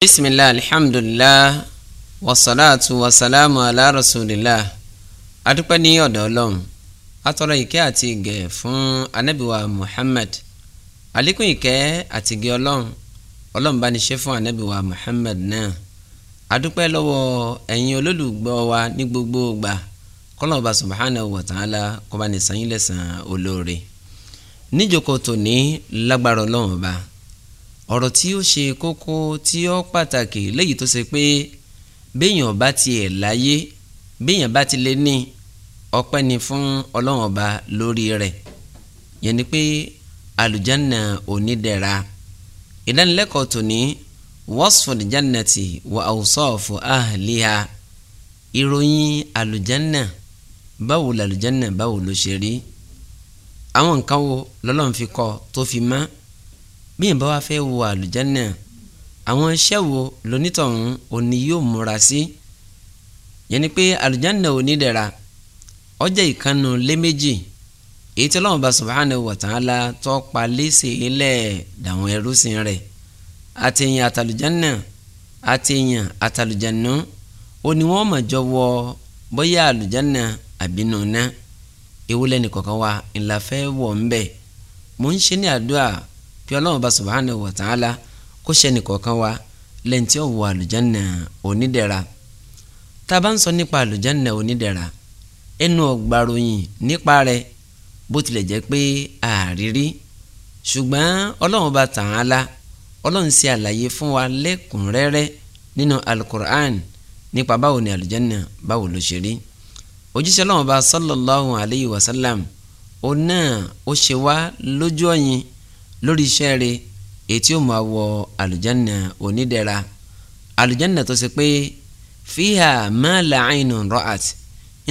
bisimilah alihamdulilah wasalaatu wasalaamu ala rasulillah adúpẹ́ ní ọ̀dọ̀ Ọlọ́run atọrọ ìkẹ́ àti ìgẹ̀ fún anabiwa muhammad àlékún ìkẹ́ àti ìgẹ̀ Ọlọ́run Ọlọ́run bá ní ṣe fún anabiwa muhammad náà adúpẹ́ lọ́wọ́ ẹ̀yin olólùgbọ́ wa ní gbogbo gbà kọlọmọba subhanahu wa ta'ala kọba ní sanyílẹsàn olóore níjókòó tòní lágbára Ọlọ́run ọba ọ̀rọ̀ tí ó ṣe kókó tí ó pàtàkì léyìí tó ṣe pé béèyàn bá tiẹ̀ láyé béèyàn bá ti lè ní ọpẹ́ ni fún ọlọ́run ọba lórí rẹ̀ yẹn ni pé àlùjánnà onídẹ̀ra ìdánilẹ́kọ̀ọ́ tòní wasful jannati wa awsafu ahliha ìròyìn àlùjánnà báwo làlùjánnà báwo ló ṣe rí àwọn nǹkan wo lọ́lọ́run fi kọ́ tó fi mọ́ bí yẹn bá wa fẹ́ wọ àlùjánnà àwọn iṣẹ́ wo lonítọ̀hún òní yóò múra sí yẹn ni pé àlùjánnà òní dẹ̀ra ó jẹ́ ìkànnù lé méjì èyí tí Ọlọ́run bá subhanahu wa ta'ala tó pa léṣe ilẹ̀ dàwọn ẹrú sí rẹ̀ àtẹ̀yìn àtàlùjánnà àtẹ̀yìn àtàlùjánnà ó ní wọ́n jọ wọ bóyá àlùjánnà àbínú náà ewu kọ̀ọ̀kan wa ńlá fẹ́ wọ̀ ńbẹ̀ mò ń ṣe ní àdúrà kí ọlọ́run bá subhanahu wa ta'ala kó ṣẹ́ni kọ̀ọ̀kan wa lẹ́yìn tí ó wọ àlùjánnà onídẹ̀ra tá a bá ń sọ nípa àlùjánnà onídẹ̀ra ẹnu ọ̀gbàròyìn nípa rẹ̀ bó tilẹ̀ jẹ́ pé àárírí ṣùgbọ́n ọlọ́run bá ta'ala ọlọ́run ṣe àlàyé fún wa lẹ́kùnrẹ́rẹ́ nínú alukur'an nípa báwo ni àlùjánnà báwo ló ṣe rí òjíṣẹ́ ọlọ́run bá sallallahu alayhi wa sallam ó náà ó ṣe wá lójú ọ̀yìn lórí iṣẹ́ rẹ̀ ètí ó máa wọ àlùjáná onídẹ̀ra àlùjáná tó ṣe pé fíhà má làánù rọ́àt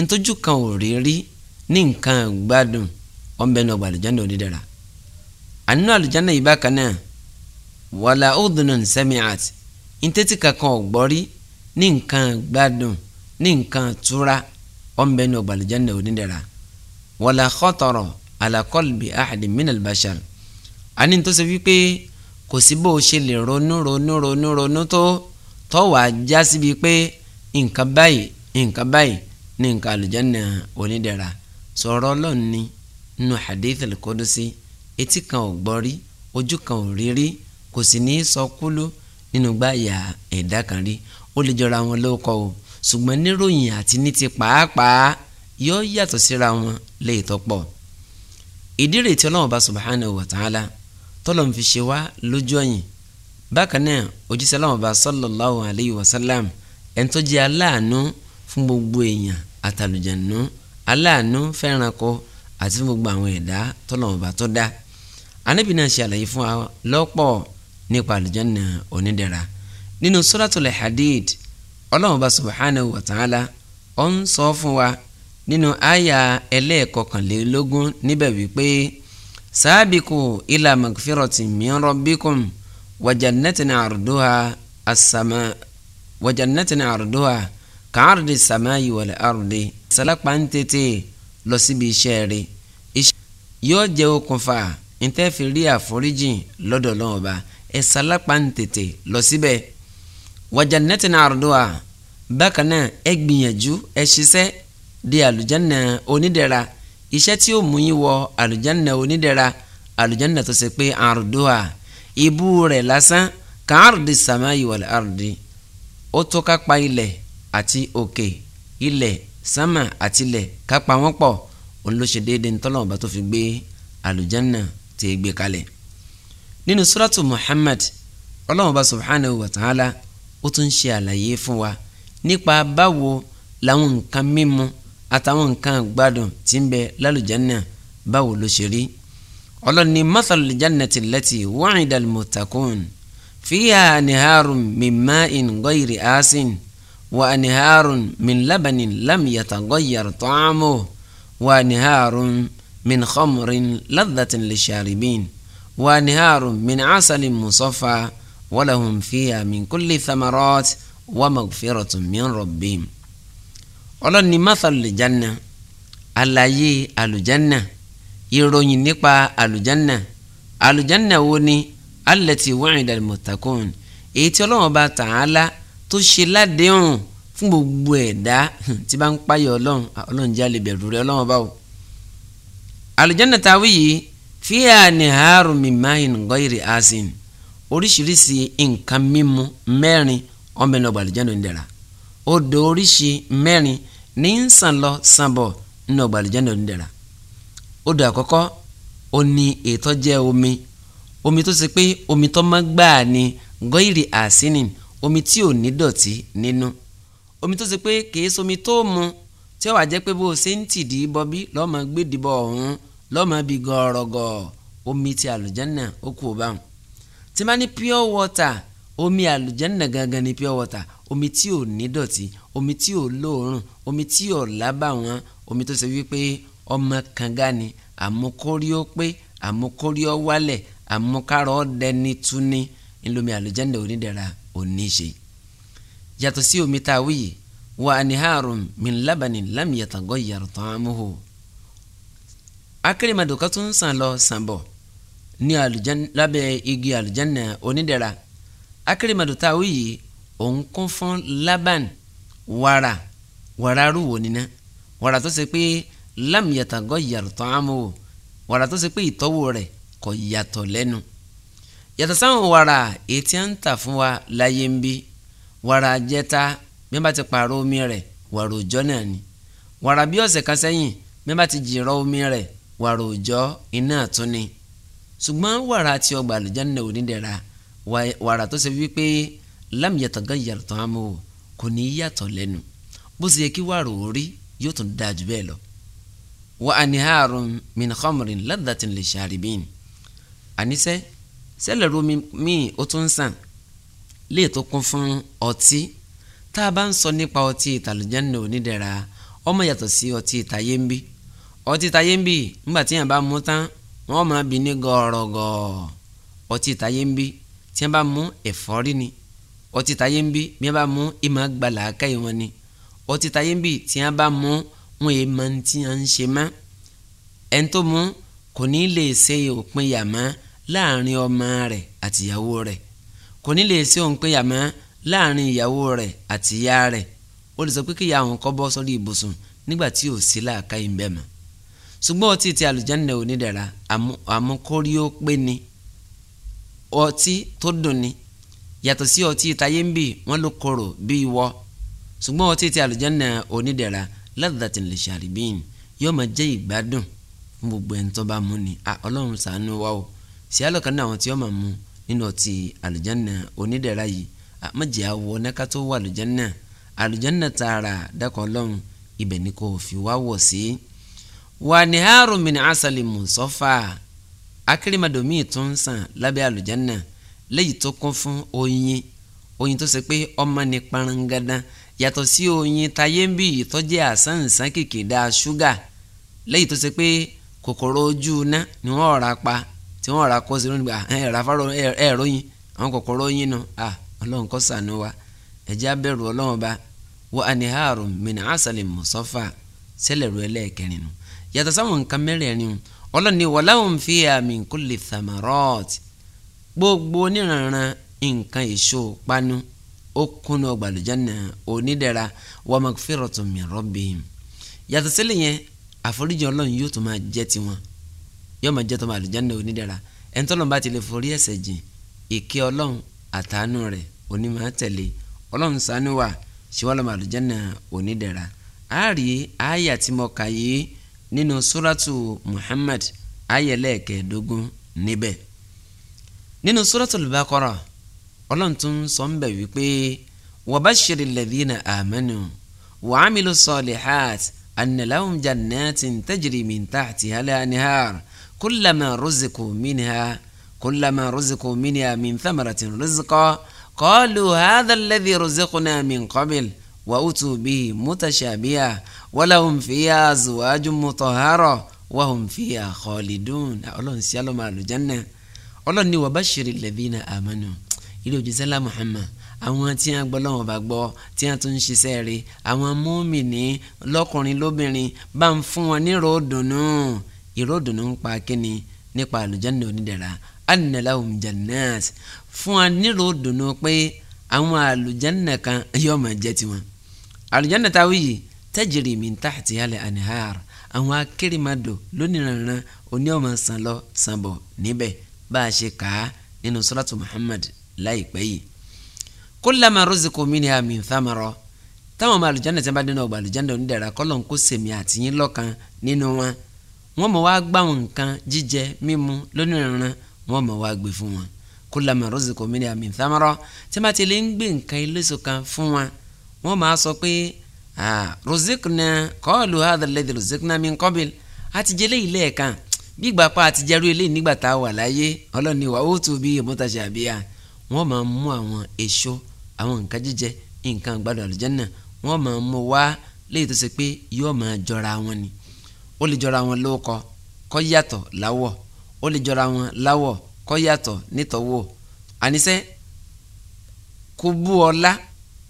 ntójú kan ò rí rí ní nǹkan gbádùn ọ̀nbẹ́ni ọgbà àlùjáná onídẹ̀ra ànínú àlùjáná yìí bákan náà wàlà ọ̀dùnún sẹ́miàt ntẹ́tí kankan ọ̀gbọ́rí ní nǹkan gbádùn ní nǹkan túra ọ̀nbẹ́ni ọgbà àlùjáná onídẹ̀ra wàlà kọ́tọ̀rọ̀ àlàkọ́lùbí àhàdì mínàlbàṣàrù àní tó ṣe wípé kò sí bó o ṣe lè ronú ronú ronú ronú tó tó wàá já síbi pé nǹkan báyìí nǹkan báyìí ní nǹkan àlùjánnà onídẹ̀ra sọ̀rọ̀ ọlọ́run ni nínú hadith al-Qudusi etí kan ò gbọ́ rí ojú kan ò rí rí kò sì ní í sọ kúlú nínú gbáyà ẹ̀dá kan rí ó lè jọra wọn lóko o ṣùgbọ́n níròyìn àti ní ti pàápàá yóò yàtọ̀ síra wọn léètọ́ pọ̀ ìdí rèé tí ọlọ́run bá subhanahu wa ta'ala tọ́lọ̀ ń fi ṣe wá lójú ọ̀yìn bákan náà òjíṣẹ́ aláwọ̀ bá sallallahu alayhi wa sallam ẹni tó jẹ́ aláàánú fún gbogbo èèyàn àtàlùjànú aláàánú fẹ́ranko àti fún gbogbo àwọn ẹ̀dá tọ́lọ̀ ọba tó dá anábì náà ṣe àlàyé fún wa lọ́pọ̀ nípa àlùjànnà onídẹ̀ra nínú suratul hadid ọlọ́run ọba wa ta'ala ó ń sọ fún wa nínú àyà ẹlẹ́ẹ̀kọkànlélógún níbẹ̀ wípé sábìkù ilà magfirati min rabbikum wajannatin arduha asama wajannatin arduha kàárdi samayi wal ardi sálápá ń tètè lọ síbi iṣẹ́ rẹ̀ yóò jẹ́ okùnfà ntẹ́fì rí àforíjìn lọ́dọ̀ lọ́wọ́ bá ẹ sálápá ń tètè lọ síbẹ̀ wajannatin arduha bákan náà ẹ gbìyànjú ẹ ṣiṣẹ́ di àlùjánnà onídẹ̀ra iṣẹ́ tí ó mú yín wọ àlùjánnà onídẹ̀ra àlùjánnà tó ṣe pé àrùdùà ibú rẹ̀ lásán kàárùdì sàmáyì wal àrùdì ó tó kápá ilẹ̀ àti òkè ilẹ̀ sámà àti ilẹ̀ kápá wọn pọ̀ òun ló ṣe déédéé ntọ́lọ́ ọba tó fi gbé àlùjánnà tí ì gbé kalẹ̀ nínú suratu Muhammad ọlọ́run ọba subhanahu wa ta'ala ó tún ṣe àlàyé fún wa nípa báwo làwọn nǹkan mímu àtàwọn nǹkan gbádùn tí ń bẹ lálùjánnà báwo ló ṣe rí ọlọ́ni mathalul jannati allati wu'ida al-muttaqun fiha anharun min ma'in ghayri asin wa anharun min labanin lam yataghayyar ta'amuhu wa anharun min khamrin ladhatin lisharibin wa anharun min asalin musaffa wa lahum fiha min kulli thamarati wa maghfiratun min rabbihim ọlọ́ni masalul janna àlàyé àlùjánà ìròyìn nípa àlùjánà àlùjánà wo ni allati wa'ida al-muttaqun èyí tí ọlọ́run bá Ta'ala tó ṣe ládéhùn fún gbogbo ẹ̀dá tí bá ń páyọ̀ ọlọ́run ọlọ́run jẹ́ àlè bẹ̀rù rẹ̀ ọlọ́run báwo. àlùjánà táwí yìí fiha niharun min ma'in ghayri asin oríṣiríṣi nǹkan mímu mẹ́rin ọmọ ẹ̀ náà gbàlùjánà ń dẹ̀ra odò oríṣi mẹ́rin ní ń sàn lọ sàn bọ̀ nínú ọgbà àlùjáde onídàra odò àkọ́kọ́ ó ní ètò jẹ́ omi omi tó ṣe pé omi tó mọ́ gbáà ni gọ́ìrì àsínì omi tí ò ní dọ̀tí nínú omi tó ṣe pé kìí ṣomi tó mu tí ó wà jẹ́ pé bó o ṣe ń tìdí bọbí lọ́mọ gbèdìbọ̀ ọ̀hún lọ́mọ bí gọ̀ọ̀rọ̀gọ̀ omi ti àlùjánnà ó kú o báwọn tí máa ní pure water omi àlùjánnà gangan ni pure water omi tí ò ní dọ̀tí omi tí ò lóòórùn omi tí ò lábàwọ́n omi tó ṣe wípé ọmọ kànga ni àmukórí ó pé àmukórí ó wálẹ̀ àmukárọ̀ ó dẹni túni ńlọmi àlùjánnà onídẹ̀ra oníṣe. yàtọ̀ sí omi tá a wí yìí wà á ní haarun min labanin lam yataghayyar ta'amuhu. akérèmàdùkọ́ tún sàn lọ sàn bọ̀ ní lábẹ́ igi àlùjánnà onídẹ̀ra akérèmọdò tá a wí yìí òun kún fún laban wara wara arúwò nínà wara tó ṣe pé lámìyàtàgọ́ yàtọ̀ àmọ́ o wàrà tó ṣe pé ìtọ́wò rẹ̀ kò yàtọ̀ lẹ́nu yàtọ̀ sáwọn wàrà ètí à ń tà fún wa láyé ń bí wàrà jẹta bí wọ́n bá ti pààrọ̀ omi rẹ̀ wàrà òjọ́ náà ni wàrà bí ọ̀sẹ̀ kan sẹ́yìn bí ti jìrọ̀ omi rẹ̀ wàrà òjọ́ iná àtúni ṣùgbọ́n wàrà àti ọgbà àlùjánnà onídẹ̀ra wàrà tó ṣe wípé lam yataghayyar ta'amuhu kò ní í yàtọ̀ lẹ́nu bó ṣe yẹ kí wàrà orí yóò tún dáa jù bẹ́ẹ̀ lọ. wa anharun min khamrin ladhatin lisharibin àníṣe sẹ́lẹ̀ romi míì ó tún sàn lè tó kún fún ọtí tá a bá ń sọ nípa ọtí ìtàlùjẹ́nì onídẹ̀ra ọmọ yàtọ̀ sí ọtí ìtayé ń bí ọtí ìtayé ń bí nígbà tí yàn bá mú tán wọ́n máa bí ní gọ̀ọ̀rọ̀gọ̀ ọtí ìtayé ń bí tí wọ́n bá mú ẹ̀fọ́rí ni ọtí táyé ń bí bí wọ́n bá mú ìmọ̀ àgbàlá káyé wọn ni ọtí táyé ń bí tí wọ́n bá mú wọn èè mọ tí wọ́n ń ṣe mọ́ ẹni tó mú kò ní lè ṣe òpin yàmá láàrin ọmọ rẹ̀ àtìyàwó rẹ̀ kò ní lè ṣe òpin yàmá láàrin ìyàwó rẹ̀ àtìyá rẹ̀ ó lè sọ pé kíyà àwọn kọ́ bọ́ sórí ibùsùn nígbà tí ò sí làákàyè ń bẹ̀ mọ́ ṣùgbọ́n ọtí ti àlùjánnà onídẹ̀ra àmúkórí ó pé ni ọtí tó dùn ni yàtọ̀ sí ọtí táyé ń bì wọ́n ló korò bí ìwọ ṣùgbọ́n ọtí ti àlùjáná onídẹ̀ra ladhatin lisharibin yóò máa jẹ́ ìgbádùn fún gbogbo ẹni tó bá mú ni ọlọ́run ṣàánú wa o sí àlọ́kan náà àwọn tí wọ́n máa mú nínú ọtí àlùjáná onídẹ̀ra yìí àmọ́jẹ́ àwọ̀ ọ̀nẹ́ká tó wà àlùjáná àlùjáná tààrà dákọ̀ ọlọ́run ibẹ̀ ni kò fi wá wọ̀ sí. wà ní harumin asali musofa akérèmọdò míì tó ń sàn lábẹ́ àlùjánnà léyìí tó kún fún oyin oyin tó ṣe pé ọmọ ní parangada yàtọ̀ sí oyin tayé ń bì yìí tó jẹ́ àsánsán kìkìdá ṣúgà léyìí tó ṣe pé kòkòrò ojú iná ni wọ́n rà pa tí wọ́n rà kó sínú nígbà ẹ̀rọ afárò ẹ̀rọ yin àwọn kòkòrò yin nu à ọlọ́run kó ṣàánú wa ẹ̀jẹ̀ abẹ́rù ọlọ́run ba wọ́n àníhàrùn mìíràn àṣàlẹ̀ mọ̀sọ́fà sẹ́lẹ̀ rú ẹlẹ́ẹ̀kẹrin nu yàtọ̀ sáwọn nǹkan mẹ́rẹ̀ẹ̀rin ọlọ́ni walahum fiha min kulli thamarat gbogbo oníranran nǹkan èso panu ó kúnú ọgbà àlùjánnà onídẹ̀ra wa magfiratun min rabbihim yàtọ̀ sílẹ̀ yẹn àforíjì ọlọ́run yóò tún máa jẹ́ tiwọn yóò máa jẹ́ tọmọ àlùjánnà onídẹ̀ra ẹni tọ́lọ́run bá ti lè forí ẹ̀ṣẹ̀ jìn ìkẹ́ ọlọ́run àtàánú rẹ̀ onímọ̀ tẹ̀lé ọlọ́run ṣàánú wa ṣíwọ́n lọ́mọ àlùjánnà onídẹ̀ra àárí àáyà tí mo kà yìí nínú suratu Muhammad ayẹlẹ́ẹ̀kẹ́ẹ̀dógún níbẹ̀ nínú suratul Baqara ọlọ́ntún tún sọ ń bẹ̀ wípé wabashiri alladhina amanu wa amilu hàt anna janet jannatin tajri min tahtiha al-anhar kullama ruziqu minha kullama ruziqu minha min thamaratin rizqa kọlu hadha alladhi na min qabl wa utu bihi mutashabiha walahum fiha azwajun mutahhara wahum fiha khalidun ah, ọlọ́run sí alọ́mọ àlùjánnà ọlọ́run ní wa bashiri alladhina amanu ilé òjíṣẹ́ lá Muhammad àwọn tí a gbọ́ lọ́wọ́ bá gbọ́ tí a tún ń ṣiṣẹ́ rẹ̀ àwọn múmìnì lọ́kùnrin lóbìnrin bá ń fún wọn ní ròdùnú ìròdùnú ń pa kíni nípa àlùjáde onídẹ̀ra annalahum jannat fún wa ní ròdùnú pé àwọn àlùjáde kan yóò máa jẹ́ tiwọn àlùjánnà táwí yìí tajri min tahtiha al-anhar àwọn akérèmàdò lónìrànran oní ọmọ sàn lọ sàn níbẹ̀ bá a ṣe kà á nínú suratu Muhammad láìpẹ́ yìí kullama ruziqu minha min thamara táwọn ọmọ àlùjánnà tí wọ́n bá dínà ọgbà àlùjánnà onídàra kọ́lọ̀ ń kó sèmi àtìyín lọ́kan nínú wọn wọ́n mọ̀ wá gbà wọn nǹkan jíjẹ mímu lónìrànran wọ́n mọ̀ wá gbé fún wọn kullama ruziqu minha min thamara tí wọ́n ti lè ń gbé nǹkan wọ́n máa sọ pé rozikna kọ́ọ̀lù hadalẹ́dẹ̀ rozikna min qabil àtijọ́ eléyìí lẹ́ẹ̀kan bí gbàpá àtijọ́rú eléyìí nígbà tá a wà láyé ọlọ́ni wa ó tù bí mutashabiha wọ́n máa mú àwọn èso àwọn nǹkan jíjẹ nǹkan gbádùn àlùjànnà wọ́n máa mú wá léyìí tó ṣe pé yóò máa jọra wọn ni ó lè jọra wọn lóko kó yàtọ̀ láwọ̀ ó lè jọra wọn láwọ̀ kó yàtọ̀ nítọ̀wọ̀ àníṣe kò ọlá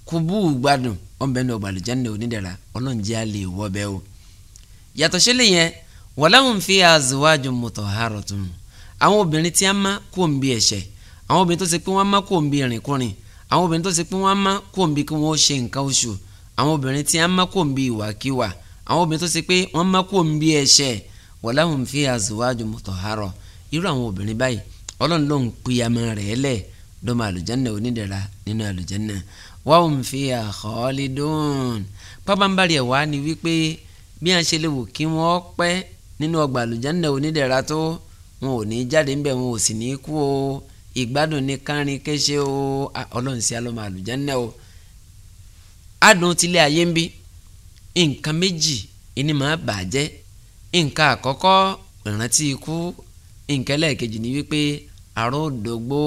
kubu gbádùn ọ̀nbẹ ní ọgbà àlùjánnà onídẹ̀ra ọlọ́njẹ́ á lè wọ́ bẹ́ẹ̀ o. yàtọ̀ sílẹ̀ yẹn walahum fiha azwajun mutahharatun àwọn obìnrin tí a má kó ń bi ẹ̀ṣẹ̀ àwọn obìnrin tó ṣe pé wọ́n má kó ń bi ìrìnkúrìn àwọn obìnrin tó ṣe pé wọ́n má kó ń bi kí wọ́n ṣe nǹkan oṣù àwọn obìnrin tí a má kó ń bi ìwàkiwà àwọn obìnrin tó ṣe pé wọ́n má kó ń bi ẹ̀ṣẹ̀ walahum fiha azwajun mutahhara irú àwọn obìnrin báyìí ọlọ́run ló ń pìyàmọ́ wa hum fiha khalidun pábánbárì ẹ̀ wá ni wípé bí a ṣe lè wò kí wọ́n pẹ́ nínú ọgbà àlùjánnà onídẹ̀ra tó wọn ò ní jáde ńbẹ̀ wọn ò sì ní kú o ìgbádùn ní kárin kéṣe o ọlọ́run sí alọ́mọ àlùjánnà o adùn tilẹ̀ ayé ń bí nǹkan méjì ìní máa bàjẹ́ nǹkan àkọ́kọ́ ìrántí ikú nǹkan ẹlẹ́ẹ̀kejì ni wípé àrò òdògbó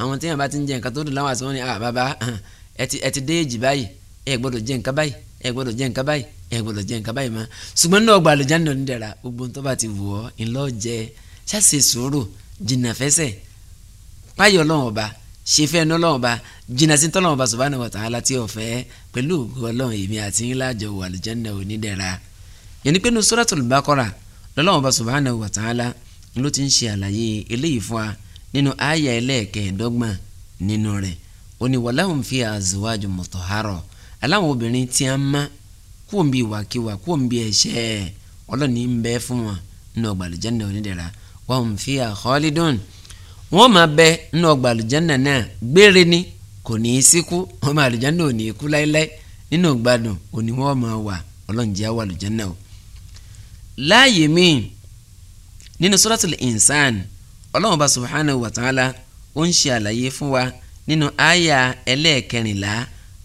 àwọn tí yàrá bá ti ń jẹ nǹkan tó dùn láwọn àti wọn ni àbábá ẹ ti ẹ ti dé èjì báyìí ẹ gbọ́dọ̀ jẹ nǹkan báyìí ẹ gbọ́dọ̀ jẹ nǹkan báyìí ẹ gbọ́dọ̀ jẹ nǹkan báyìí mọ́ ṣùgbọ́n náà ọgbà àlùjánnà ní dẹ̀ra gbogbo tó bá ti wù ọ́ ńlọ jẹ ṣàṣe sùúrù jìnnà fẹsẹ̀ páyọ̀ Ọlọ́run ọba ṣe fẹ́ ní Ọlọ́run ọba jìnnà sí tọ́lọ́run ọba subhanahu wa ta'ala tí ọ̀fẹ́ pẹ̀lú Ọlọ́run èmi àti ńlá jọ wà àlùjánnà ó ní wàláhùn fi àzùwájú mọ̀tòhárọ̀ aláwọn obìnrin tí a má kó ń bi ìwàkiwà kó ń bi ẹ̀ṣẹ̀ ọlọ́ni ń bẹ fún wọn nínú ọgbà àlùjánnà onídẹ̀ra wàhùn fi àkọ́lídùn wọn máa bẹ nínú ọgbà àlùjánnà náà gbére ni kò ní í síkú wọn máa àlùjánnà ò ní í kú láéláé nínú gbádùn òní wọn máa wà ọlọ́njẹ́ wà àlùjánnà o. láàyè míì nínú suratul insan ọlọ́run bá subhanahu wa ta'ala ó ń ṣe àlàyé fún wa nínú àyà ẹlẹ́ẹ̀kẹrìnlá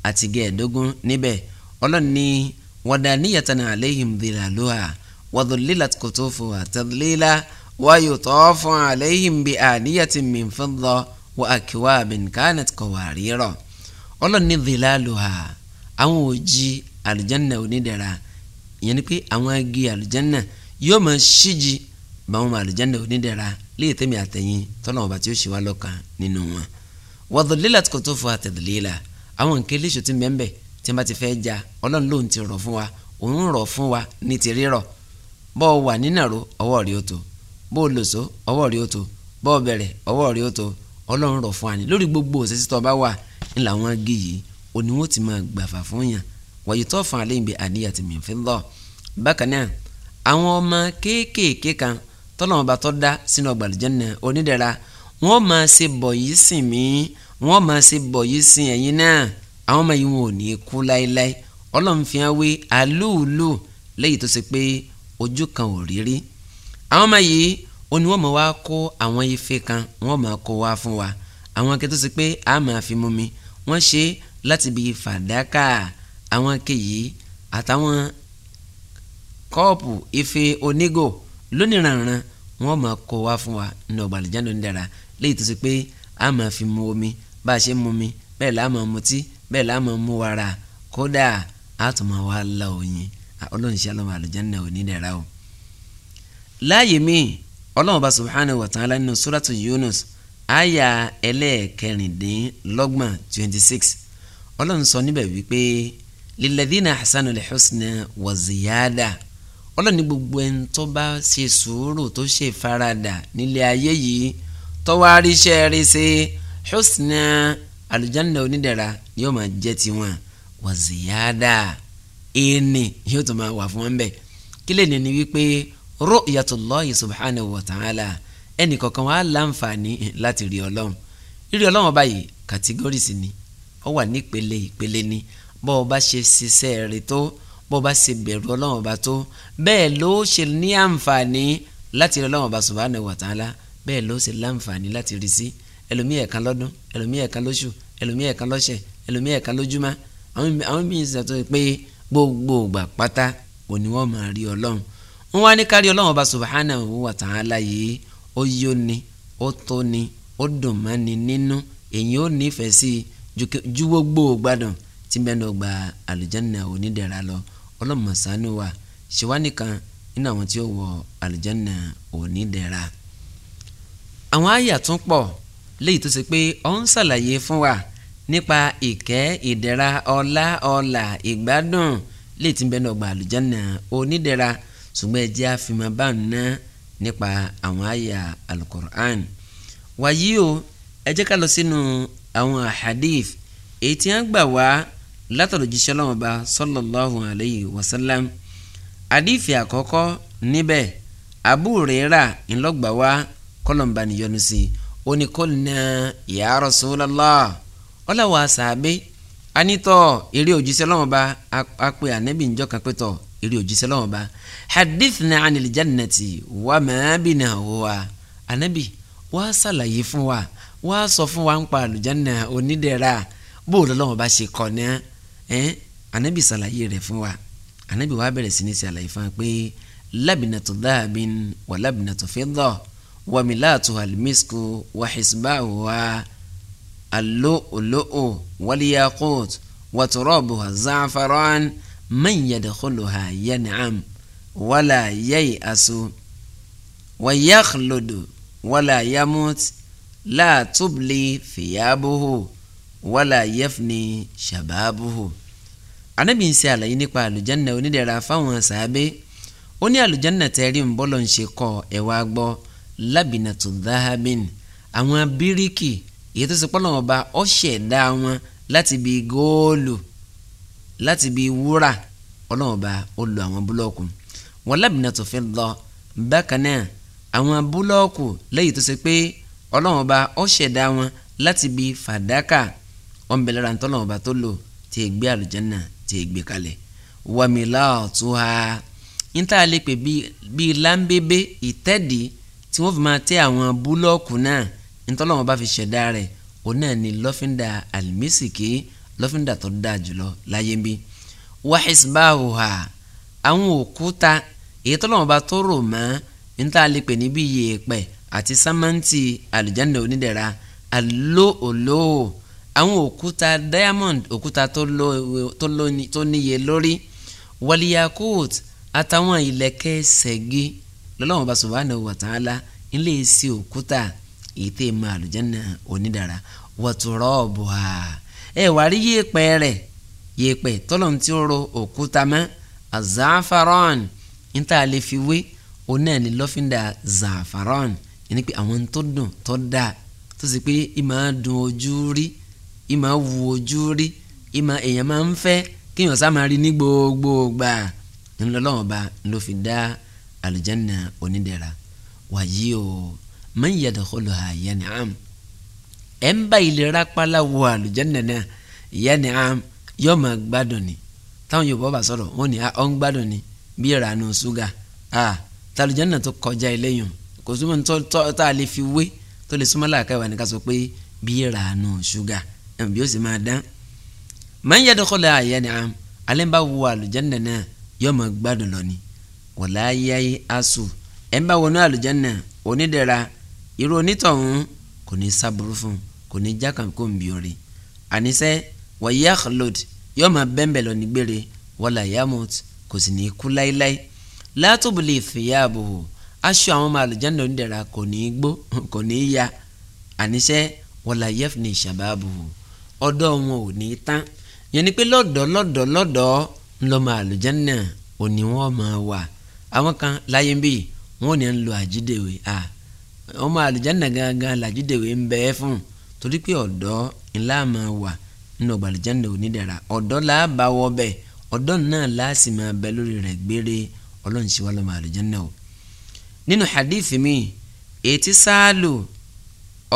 àti gẹ̀ẹ́dógún níbẹ̀ ọlọ́run ní wadaniyatan alayhim dhilaluha wadhullilat kutufuha tadhlila wa yutafu alayhim bi aniyatin min fidda wa akwabin kanat qawarira ọlọ́run ní dhilaluha àwọn òjì àlùjánnà onídẹ̀ra ìyẹn ni pé àwọn agi àlùjánnà yóò máa ṣíji báwọn àlùjánnà onídẹ̀ra léètèmi àtẹ̀yìn tọ́lọ́mọba tí ó ṣe wá lọ́kàn nínú wọn wàdùlélà tí kò tó fún àtẹ̀dùlélà àwọn nǹkan eléṣò ti mẹ́mbẹ̀ tí wọ́n bá ti fẹ́ ja ọlọ́run lòun ti rọ̀ fún wa òun rọ̀ fún wa ní ti rírọ̀ bọ́ ọ wà nínàró ọwọ́ rí o tó bó o lòsó ọwọ́ rí o tó bọ́ ọ bẹ̀rẹ̀ ọwọ́ rí o tó ọlọ́run rọ̀ fún wa ní lórí gbogbo òṣèṣì tó bá wà ń làwọn agi yìí òní wọn ti máa gbàfà fún yàn wàyí tó fún alẹ́ ìgbé àníyà ti mìíràn fi lọ. bákan náà àwọn ọmọ kéékèèké kan tọ́lọ́mọba tó dá sínú ọgbàlejò náà onídẹ̀ra wọ́n máa ṣe bọ̀ yìí sìn mí wọ́n máa ṣe bọ̀ yìí sìn ẹ̀yin náà àwọn ọmọ yìí wọn ò ní kú láéláé ọlọ́nfin awé alúùlù lẹ́yìn tó ṣe pé ojú kan ò rí rí àwọn ọmọ yìí ó ní wọ́n máa wá kó àwọn ife kan wọ́n máa kó wá fún wa àwọn akẹ́ tó ṣe pé a máa fi mú mi wọ́n ṣe láti bí fàdákà àwọn akẹ́ yìí àtàwọn kọ́ọ̀pù ife onígò lónìí rànran wọ́n máa kó wá fún wa ní ọgbà àlùjáde ń dára léyìí tó ṣe pé a máa fi mu omi bá a ṣe mu mi bẹ́ẹ̀ la máa mutí bẹ́ẹ̀ la máa mu wàrà kódà a tún máa wá la oyin ọlọ́run ṣe àlọ́ àlùjánnà òní dẹ̀ra o. láàyè mi ọlọ́run bá subhanahu wa ta'ala nínú suratu Yunus àyà ẹlẹ́ẹ̀kẹrìndínlọ́gbọ̀n twenty six ọlọ́run sọ níbẹ̀ wípé lilladhina ahsanul husna wa ziyada ọlọ́run ní gbogbo ẹni tó bá ṣe sùúrù tó ṣe farada nílé ayé yìí tọ́wárí iṣẹ́ rí ṣe husna aljanna onídẹ̀ra yóò máa jẹ́ tiwọn wa ziyada ẹni yóò tún máa wà fún wọn bẹ́ẹ̀ kí lè ní wípé ru'yatullahi subhanahu wa ta'ala ẹnì kọ̀ọ̀kan wà láǹfààní láti rí ọlọ́run rírí ọlọ́run ọba yìí categories ni ó wà nípele ìpele ni bọ́ ọba ṣe ṣiṣẹ́ rẹ̀ tó bọ́ ọba ṣe bẹ̀rù ọlọ́run ọba tó bẹ́ẹ̀ ló ṣe ní àǹfààní láti rí ọlọ́run ọba subhanahu wa ta'ala bẹ́ẹ̀ ló ṣe láǹfààní láti rí sí ẹlòmíì ẹ̀kan lọ́dún ẹlòmíì ẹ̀kan lóṣù ẹlòmíì ẹ̀kan lọ́sẹ̀ ẹlòmíì ẹ̀kan lójúmọ́ àwọn míì sàtọ́ pé gbogbo ìgbà pátá kò ní wọ́n máa rí ọlọ́run wọ́n wá ní kárí ọlọ́run ọba subhanahu wa ta'ala yìí ó yó ni ó tó ni ó dùn mọ́ ni nínú èyí ó nífẹ̀ẹ́ sí ju gbogbo gbádùn tí mẹ́nu gba àlùjánnà onídẹ̀ra lọ ọlọ́run mọ̀sánú wa ṣèwánìkan nínú àwọn tí ó wọ àlùjánnà onídẹ̀ra àwọn àyà tún pọ̀ léyìí tó ṣe pé ó ń ṣàlàyé fún wa nípa ìkẹ́ ìdẹ̀ra ọlá ọlà ìgbádùn léyìí tí ń bẹ́ẹ̀ ọgbà àlùjáná onídẹ̀ra ṣùgbọ́n ẹ jẹ́ àfihàn bá ń ná nípa àwọn àyà alukur'an wàyí o ẹ jẹ́ ká lọ sínú àwọn ahadif èyí tí wọ́n gbà wá látọ̀dọ̀ jíṣẹ́ lọ́wọ́ bá sallallahu alayhi wa hadith àdìfẹ́ àkọ́kọ́ níbẹ̀ Abu Huraira ńlọgbà wá kọ́lọ̀mbà níyọnu si oni ó ní kó na ya Rasulullah ọlọ́wọ́ àṣàbí anítọ̀ eré òjíṣẹ́ lọ́wọ́ bá apẹ ànábì ńjọ́ kan pẹ́tọ̀ eré òjíṣẹ́ lọ́wọ́ bá hadithna anil jannati wa ma binahuwa ànábì fún wa wàá sọ fún wa ń pa àlùjánnà onídẹ̀ra bó o lọ́wọ́ bá ṣe kọ́ ní ẹ́ ànábì ṣàlàyé rẹ̀ fún wa ànábì wàá bẹ̀rẹ̀ sí ní ṣàlàyé fún wa pé labinatu dhahabin wa labinatu fidda wàmíláàtù àlùmísìkò wàhísíbáwá àlóòlóò wàlíyàkóòt wàtúrọ̀bù àzáfàrán mẹ́yẹ̀dẹ̀kọ́lù hà yẹnìàm wàlà yẹ́yì àṣọ wàyàkùlódò wàlà yamut láàtúbli fìyàbóhò wàlà yẹfni ṣàbàbóhò. Ànábì ń ṣe àlàyé nípa àlùjánnà onídẹ̀ra fáwọn sàábé ó ní àlùjánnà tẹ́rí ń bọ́lọ̀ ń ṣe kọ́ ẹ̀ wá gbọ́ labinatu dhahabin àwọn bíríkì èyí tó ṣe pọ́n náà ọba ó ṣẹ̀dá wọn láti bi góòlù láti bi wúrà ọlọ́wọ́n ọba ó lo àwọn búlọ́ọ̀kù wọn labinatu fidda bákan náà àwọn búlọ́ọ̀kù lẹ́yìn tó ṣe pé ọlọ́wọ́n ọba wọn láti bi fàdákà ọ̀nbẹ̀lára ntọ́lọ́wọ́n ọba tó lò tí ì gbé àlùjánnà tí ì gbé kalẹ̀ wàmílà ọ̀tún yín tá a lè pè bíi láńbébé ìtẹ́dìí tí wọ́n fi máa tẹ́ àwọn búlọ́ọ̀kù náà ntọ́lọ́wọ́n bá fi ṣẹ̀dá rẹ̀ òun náà ni lọ́fíńdà àlìmísìkì lọ́fíńdà tó dáa jùlọ láyé bí. wàhísbáhùhà àwọn òkúta èyí tọ́lọ́wọ́n bá tó rò mọ́ níta lè pè ní bí yèèpẹ̀ àti sámántì àlùjáde onídẹ̀ra àlóòlò àwọn òkúta diamond òkúta tó níye lórí wàlíyàkóòt àtàwọn ìlẹ̀kẹ̀ sẹ̀gi lọ́lọ́wọ́n bá subhanahu wa ta'ala ńlẹ̀ sí òkúta èyí tẹ́ mọ àlùjáná onídàra wọ̀túrọ́ọ̀bùhà ẹ wà rí yẹ̀pẹ̀ rẹ̀ yẹ̀pẹ̀ tọ́lọ́n tí ó ro òkúta mọ́ azafaron níta lè fi wé oná ní lọ́fíńdà zafaron ẹni pé àwọn tó dùn tó dáa tó sì pé ìmọ̀ dùn ojú rí ìmọ̀ wù ojú rí ìmọ̀ èèyàn máa ń fẹ́ kéèyàn sá máa rí ní gbogbo ńlọ́lọ́wọ́n ba ló aljanna onídẹ̀ra wàyí o man yadkhuluha yan'am ẹ̀ ń bá ìlera pálá wọ aljanna náà am yóò máa gbádùn ni táwọn Yorùbá bá sọ̀rọ̀ wọ́n ní ọ́n gbádùn ni bí ìrànú ṣúgà a tàlùjánà tó kọjá eléyìí kò súnmọ́ tá a lè fi wé tó lè súnmọ́ làákà ìwà nìkan sọ pé bí ìrànú ṣúgà bí ó sì máa dán. máa ń yàdókòlò àyà ni àm alẹ́ ń bá wo àlùjánà náà yóò máa gbádùn lọ ni wọ́n láyé asù ẹ̀ ń bá wọnú àlùjánnà onídẹ̀ra irú onítọ̀hún kò ní sábúrú fún kò ní jákàn kó ń bí orí àníṣe wàyíyá khalod yóò máa bẹ́ńbẹ̀ lọ nígbèrè wọ́lá yamut kò sì ní kú láíláí látòbólè fìyà àbòwò aṣọ àwọn ọmọ àlùjánnà onídẹ̀ra kò ní gbó kò ní ya àníṣe wọ́lá yẹ́fìnì ṣàbàbòwò ọ̀dọ́ wọn ò ní tán yẹn ni pé lọ́dọ̀ lọ́dọ̀ lọ́dọ̀ ńlọmọ àwọn kan láyé ń bí wọn ò ní ń lo àjídèwé à ọmọ àlùjáná gangan làjídèwé ń bẹ ẹ́ fún torí pé ọ̀dọ́ ńlá máa wà nínú ọgbà àlùjáná onídàra ọ̀dọ́ làá bá wọ bẹ̀ ọ̀dọ́ náà láàsì máa bẹ lórí rẹ̀ gbére ọlọ́run sì wá lọ́mọ àlùjáná o nínú hadithi mi ètí sáàlù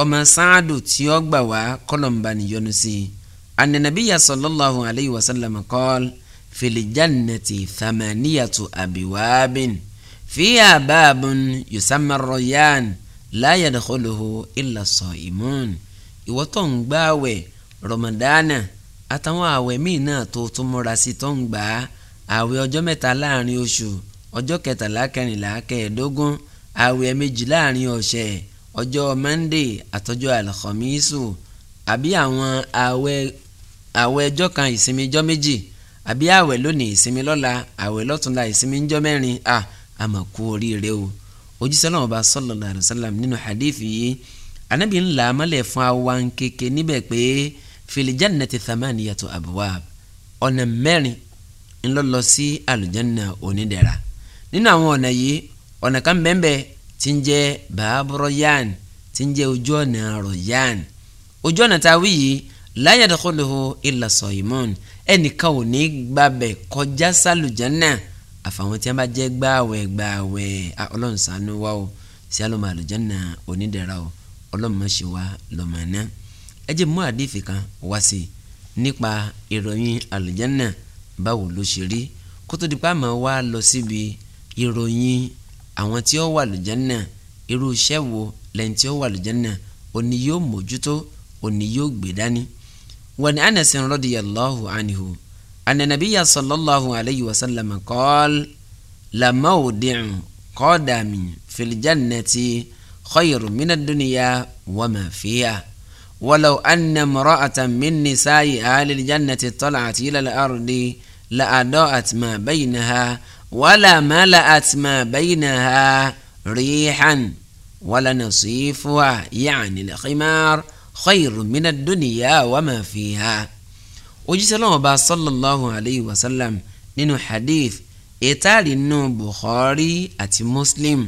ọmọ sáàdù tí ó gbà wá kọlọ̀mbà níyọnu sí i ànànàbíyà sallallahu alayhi wa sallam kọ́ọ́lù filijannati thamaniyatu abiwaabin fiya baabun yusama royan láyàdàkọlùhù ilà sọ ìmọ̀ọ́n ìwọ́ tó ń gbá àwẹ̀ rọmọdánà àtàwọn àwẹ̀ míì náà tó tún múra sí tó ń gbà á àwẹ̀ ọjọ́ mẹ́ta láàrin oṣù ọjọ́ kẹtàlá kẹrìnlá kẹẹ̀ẹ́dógún àwẹ̀ méjì láàrin ọ̀sẹ̀ ọjọ́ mọ́ndé àtọjọ́ àlùkọ́mísù àbí àwọn àwẹ̀ àwẹ̀ kan ìsinmi ọjọ́ méjì àbí àwẹ̀ lónìí ìsinmi lọ́la àwẹ̀ lọ́túnla ìsinmi ńjọ́ mẹ́rin à àmọ̀ kú oríire o ojúṣe náà bá sallallahu alaihi wasallam nínú hadith yìí anabi ńlá amálẹ̀ fún awa nkeke níbẹ̀ pé fil jannati thamaniyatu abwab ọ̀nà mẹ́rin ńlọ́lọ́ sí àlùjánnà onídẹ̀ra nínú àwọn ọ̀nà yìí ọ̀nà kan bẹ́ẹ̀ tí ń jẹ́ bàbúrọ̀ yán tí ń jẹ́ ojú ọ̀nà rọ̀ yán ojú ọ̀nà tá a wí yìí la yadkhuluhu illa sa'imun ẹnìkan ò ní gbàbẹ̀ kọjá sálùjánà àfàwọn tí wọn bá jẹ gbààwẹ̀ gbààwẹ̀ Ọlọ́run ṣàánú wa o sí àlọmọ àlùjánà onídẹ̀ra o Ọlọ́run má ṣe wa lọmọ náà ẹ jẹ́ mú àdìfì kan wá sí i nípa ìròyìn àlùjánà báwo ló ṣe rí kó tó di pa àmọ́ wá lọ síbi ìròyìn àwọn tí ó wà lùjánà irú iṣẹ́ wo lẹ́yìn tí ó wà lùjánà òní yóò mójútó òní yóò gbé dání وعن أنس رضي الله عنه أن النبي صلى الله عليه وسلم قال لموضع قدم في الجنة خير من الدنيا وما فيها ولو أن امرأة من نساء أهل الجنة طلعت إلى الأرض لأضاءت ما بينها ولا ملأت ما بينها ريحا ولا نصيفها يعني الخمار khayrun mina dunya wa ma fiha òjíṣẹ́ lọ́wọ́ bá sallallahu alayhi wa sallam nínú hadith ìtaari nínú Bukhari àti Muslim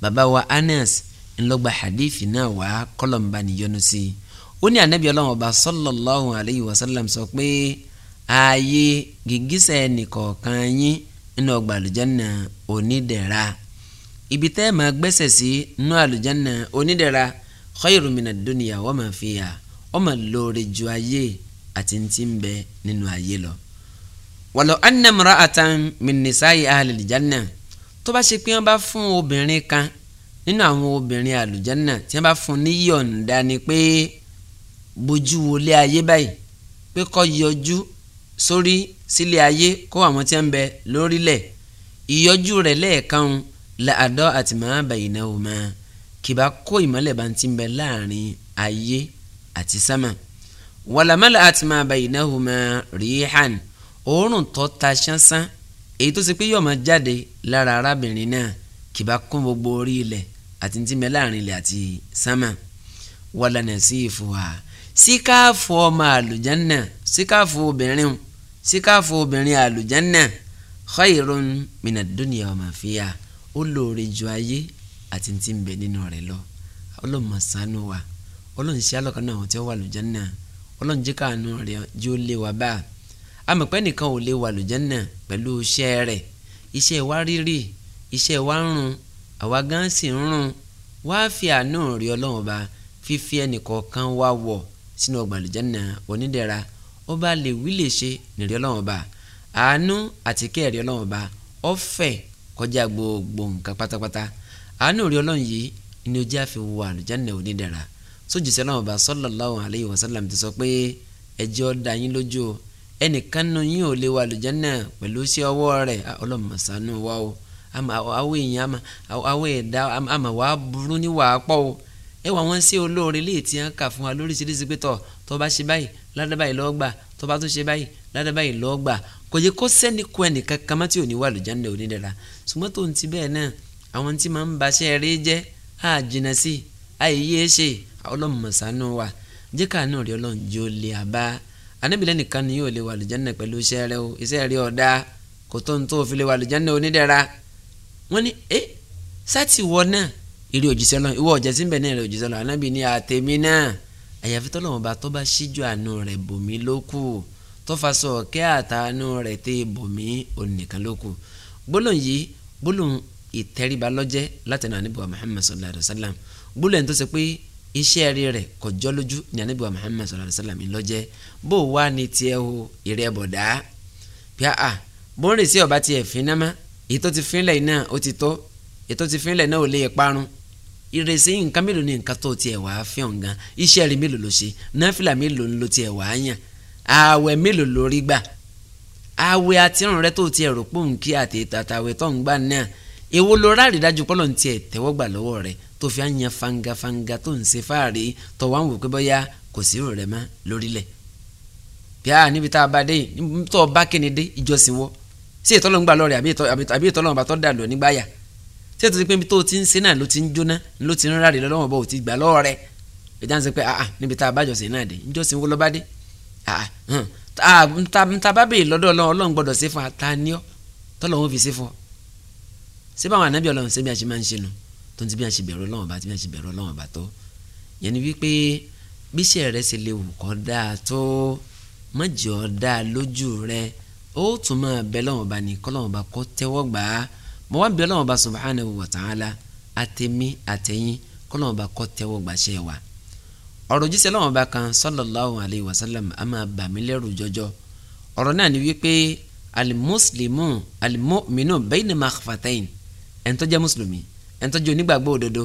bàbá wa Anas ńlọgba hadith náà wá kọlọ̀mbà níyọnu sí i ó ní anabi ọlọ́wọ́ bá sallallahu alayhi wa sallam sọ pé ààyè gìgísẹ̀ nìkọ̀ọ̀kan yín nínú ọgbà àlùjáná onídẹ̀ra ibi tẹ́ ẹ̀ máa gbẹ́sẹ̀ sí nínú àlùjáná onídẹ̀ra khayru minad dunya wa ma fiha ó mà lóore ju ayé àti ntí ń bẹ nínú ayé lọ. walaw anna imra'atan min nisa'i ahlil janna tó bá ṣe pé wọ́n bá fún obìnrin kan nínú àwọn obìnrin àlùjánà tí wọ́n bá fún ní yọ̀ǹda ni pé bójú wọlé ayé báyìí pé kó yọjú sórí sílé ayé kó àwọn tí wọ́n bẹ lórílẹ̀ ìyọjú rẹ̀ lẹ́ẹ̀kan la àdọ́ àti màá bàyìí náà wò máa kìbá kó ìmọ́lẹ̀ bá ń ti bẹ láàrin ayé àti sámà wàlámàlà àti máa baynahuma rihan òórùn tó ta ṣánṣán èyí tó ṣe pé yóò máa jáde lára arábìnrin náà kìbá kún gbogbo orí ilẹ̀ àti ti bẹ láàrin ilẹ̀ àti sámà wàlànà sí ìfúwà síkáàfù ọmọ àlùjánná síkáàfù obìnrin síkáàfù obìnrin àlùjánná khayrun minad dunya wa ó lóore ju ayé àti ti ń bẹ nínú rẹ̀ lọ ọlọ́run máa ṣàánú wa ọlọ́run ṣe alọ́kan náà àwọn tí ó wà lùjánná ọlọ́run jẹ́ káàánú rẹ̀ jí ó lé wa bá a amọ̀pẹ́ nìkan ò lè wà lùjánná pẹ̀lú iṣẹ́ rẹ̀ iṣẹ́ wa rírì iṣẹ́ wa ń run àwa gan sì ń run wá fi àánú rí ọlọ́run ọba fífi ẹnìkọ̀ọ̀kan wá wọ̀ sínú ọgbà lùjánná onídẹ̀ra ọba lè wí lè ṣe nìrí ọlọ́run ọba àánú àti kẹ́ẹ̀rí ọlọ́run ọba ọ̀fẹ́ kọjá gbogbo nǹkan pátápátá àánú rí ọlọ́run yìí ni ojú àfi wọ àlùjánnà onídàra sójúṣẹ́ náà ọba sallallahu alayhi wa sallam ti sọ pé ẹjọ́ da yín lójú o ẹnìkan nu yín ò lè wọ àlùjánnà pẹ̀lú sí ọwọ́ rẹ̀ ah, ọlọ́run mà wa o àwọn èèyàn àwọn ẹ̀dá àmà wà á burú ní wà á pọ̀ o ẹ wà wọ́n sí olóore lè tí wọ́n kà fún wa lóríṣiríṣi pé tọ̀ tó bá ṣe báyìí ládàbà yìí lọ́gbà tó bá tún ṣe báyìí ládàbà yìí lọ́gbà kò yẹ kó sẹ́ni kú ẹnìkan kan má tí ò ní wà àlùjánnà onídàra ṣùgbọ́n tó ń ti bẹ́ẹ̀ náà àwọn tí máa ń baṣẹ́ rí jẹ́ á jìnnà sí àìyé ṣe ọlọ́run mọ̀sánú wa jẹ́ káàánú rí ọlọ́run jẹ́ ó lè àbá anábìlẹ̀ nìkan ni yóò lè wà lùjánà pẹ̀lú iṣẹ́ rẹ o iṣẹ́ rí ọ̀dà kò tó ń tó fi lè wà lùjánà onídẹ̀ra wọ́n ní ẹ́ sátì wọ náà ìrì òjíṣẹ́ lọ ìwọ ọ̀jẹ̀ síbẹ̀ náà ìrì òjíṣẹ́ lọ anábì ní àtẹ̀mí náà àyàfi tọ́lọ́wọ́n bá tọ́ bá ṣíjú àánú rẹ̀ bòmí lókù tọ́fasọ̀ kẹ́ àtàánú rẹ̀ tẹ́ bòmí onìkan lókù gbólóhùn yìí gbólóhùn ìtẹríba lọ́jẹ́ látẹnu àníbùwà Muhammad sallallahu alayhi wa sallam gbólóyìn tó ṣe pé iṣẹ́ rí rẹ̀ kọjọ́ lójú ní àníbùwà Muhammad sallallahu alayhi wa sallam ńlọ́jẹ́ bó wà ní tiẹ̀ o ìrẹ́ bọ̀dá pé a bó ń rìn sí ọba tiẹ̀ fínná má ètò ti fínlẹ̀ náà ó ti tó ètò ti fínlẹ̀ náà ò lè parun ìrèsí nǹkan mélòó ni nǹkan tó tiẹ̀ wàá fihàn gan iṣẹ́ rí mélòó ló ṣe náfìlà mélòó ló tiẹ̀ wàá yàn ààwẹ̀ mélòó ló rí gbà ààwẹ̀ àtirùn rẹ tó tiẹ̀ rò pòǹkì àti tàtàwẹ̀ tó ń gbà náà èwo ló ráàrí dájú pọ́lọ̀ ní tiẹ̀ tẹ́wọ́gbà lọ́wọ́ rẹ̀ tó fi àyàn fangafanga tó ń ṣe fáàrí tó wá ń wò pé bóyá kò sí rò rẹ̀ mọ́ lórílẹ̀ bíà níbi tá a bá dé tó o bá kéne dé ìjọsìn wọ sí ìtọ́lọ́ ń gbà lọ́rẹ̀ àbí ìtọ́lọ́ ọba tó dà lọ nígbàyà sí ètò ìpínpín tó o ti ń ṣe náà ló ti ń jóná ló ti ń ráàrí lọ́wọ́ bó o ti gbà lọ́wọ́ ìjà síbẹ̀ àwọn anábì ọlọ́run sẹ́mi àṣẹ máa ń ṣe nu tó ń ti bí àṣẹ bẹ̀rù ọlọ́run bá ti bí àṣẹ bẹ̀rù ọlọ́run bá tó yẹn ni wípé bíṣẹ́ rẹ ṣe lè wù kọ́ dáa tó mọ̀jọ́ dáa lójú rẹ ó tún máa bẹ lọ́wọ́n bá ní kọ́lọ́wọ́n bá kọ́ tẹ́wọ́ gbà á mo wá bẹ lọ́wọ́n bá subhanahu wa ta'ala àtẹ̀mí àtẹ̀yìn kọ́lọ́wọ́n bá kọ́ tẹ́wọ́ gbà sallallahu alayhi wa sallam a máa bà mí lẹ́rù jọjọ ọ̀rọ̀ náà ni wípé ẹni tó jẹ́ mùsùlùmí ẹni tó jẹ́ onígbàgbọ́ òdodo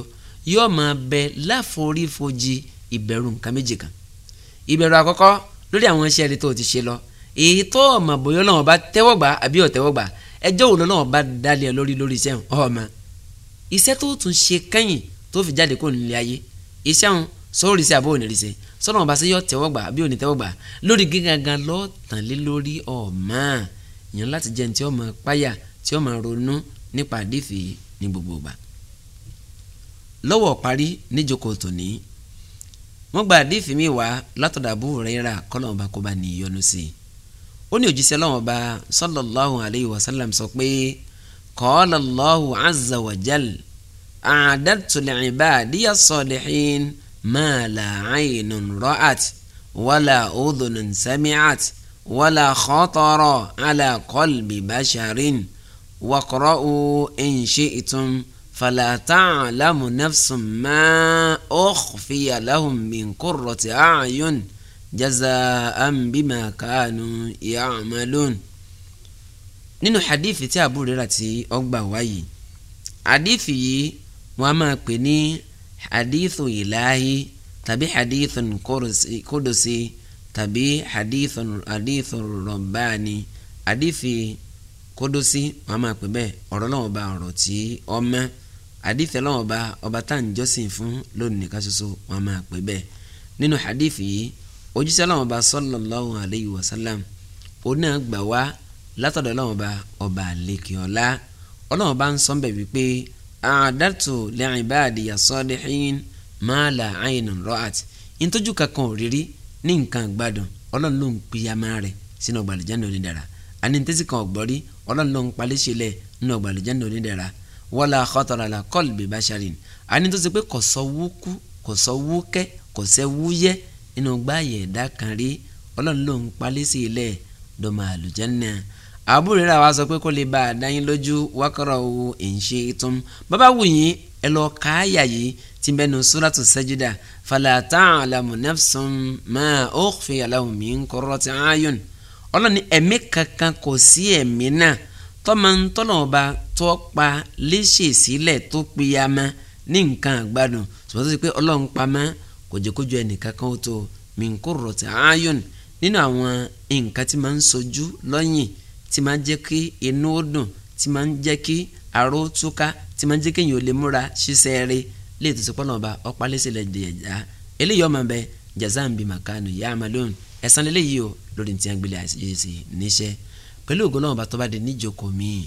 yóò máa bẹ láforífojì ìbẹ̀rù nǹkan méjì kan ìbẹ̀rù àkọ́kọ́ lórí àwọn iṣẹ́ rẹ tó ti ṣe lọ èyí tó ọmọ bóyá lọ́wọ́ bá tẹ́wọ́gbà àbí ọ̀tẹ́wọ́gbà ẹjọ́ òun lọ́wọ́ bá dálẹ̀ lórí lórí iṣẹ́ ọmọ iṣẹ́ tó tún ṣe kẹ́yìn tó fi jáde kó nílé ayé iṣẹ́ òun sọ́ọ́rì sí àbọ̀ ònìrì sí sọ́nà ọba sí yọ tẹ́wọ́gbà àbí òní tẹ́wọ́gbà lórí gígangan lọ́ọ̀tàn lé lórí ọ̀mọ́ ìyẹn láti jẹun tí ọmọ páyà tí ọmọ ronú nípa àdìsí ní gbogbo ìgbà lọ́wọ́ parí níjókòó tòní wọ́n gba àdìsí mi wá látọ̀dọ̀ Abu Huraira kọ́lọ́n ọba kó bá ní ìyọnu sí i ó ní òjíṣẹ́ lọ́wọ́n ọba sallallahu wa sallam sọ pé qala Allahu azza wa jal a'dadtu li'ibadiya salihin ma la 'aynun ra'at wala udhunun sami'at wala waqra'u in shi'tum fala ta'lamu nafsun ma ukhfiya lahum min qurrati a'yun jaza'an bima kanu ya'malun. nínú hadith tí Abu Hurairah tí ọgbà wáyé hadith yìí wọ́n á máa pè ní hadithu ilahi tàbí hadithun kudusi tàbí hadithun hadithun rabbani kódósí wọn máa pè bẹ́ẹ̀ ọ̀rọ̀ lọ́wọ́ ba ọ̀rọ̀ tí ọmọ àdìfẹ́ lọ́wọ́ ba ọba tá à ń jọ́sìn fún lónìí nìkan ṣoṣo wọn máa pè bẹ́ẹ̀ nínú hadith yìí ojúṣe lọ́wọ́ ba sallallahu alayhi wa sallam oní àgbà wá látọ̀dọ̀ lọ́wọ́ ba ọba àlekè ọ̀la ọlọ́wọ́ bá ń sọ bẹ̀ wípé àdàtò lẹ́yìn báàdì yasọ́ọ́dẹ́hìn máa là àyìnà rọ́àt ìtọ́jú kankan ò rírí ní nǹkan gbádùn ọlọ́run ọlọ́run ló ń palẹ́ ṣe lẹ̀ nínú ọgbà àlùjánnà onídẹ̀ra wala khatara ala qalbi basharin àní tó ṣe pé kò sọ wúkú kò sọ wúkẹ́ kò sẹ́ wúyẹ́ nínú gbáàyè ẹ̀dá kan rí ọlọ́run ló ń palẹ́ ṣe lẹ̀ dọ̀mọ̀ àlùjánnà Abu Huraira wa sọ pé kó lè bá a dáyín lójú wákàrọ̀ wo èyí tún bàbá wù yín ẹ lọ káàyà yìí tí bẹ́ẹ̀ nù suratu sajida fala ta'lamu nafsun ma ukhfiya lahum min qurrati a'yun ọlọ́ni ẹ̀mí kankan kò sí ẹ̀mí náà tọ́mọ̀ntọ́lọ́ọ̀ba tó pa léṣe sílẹ̀ tó piyamọ́ ní nǹkan àgbàdùn ṣùgbọ́n tó ti pé ọlọ́run pamọ́ kò jẹ́ kójú ẹnìkankan ó tó mìkúrò tí ayọ̀n nínú àwọn nǹkan tí máa ń sojú lọ́yìn tí máa ń jẹ́ kí inú ó dùn tí máa ń jẹ́ kí àrò túká tí máa ń jẹ́ kéèyàn ò lè múra ṣiṣẹ́ rẹ̀ lè tó sọpọ́ náà bá ọ̀pá lẹ́sẹ̀ lẹ́dẹ̀ẹ́dá eléyìí ọmọ bẹ jazan bíi màkánu yá àmàlóhùn ẹ̀sán lélẹ́yìí o lórí ti àgbélé àṣeyẹ sí níṣẹ́ pẹ̀lú ògùn náà bá tọ́ bá di níjòkó míì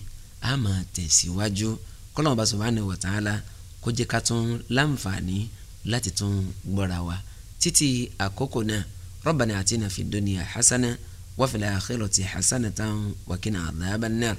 á máa tẹ̀síwájú kọ́nà ọba subhanahu wa ta'ala kó jẹ́ ká tún láǹfààní láti tún gbọ́ra wa títí àkókò náà rabbana atina fid dunya hasana wa fil akhirati hasanatan wa qina adhaban nar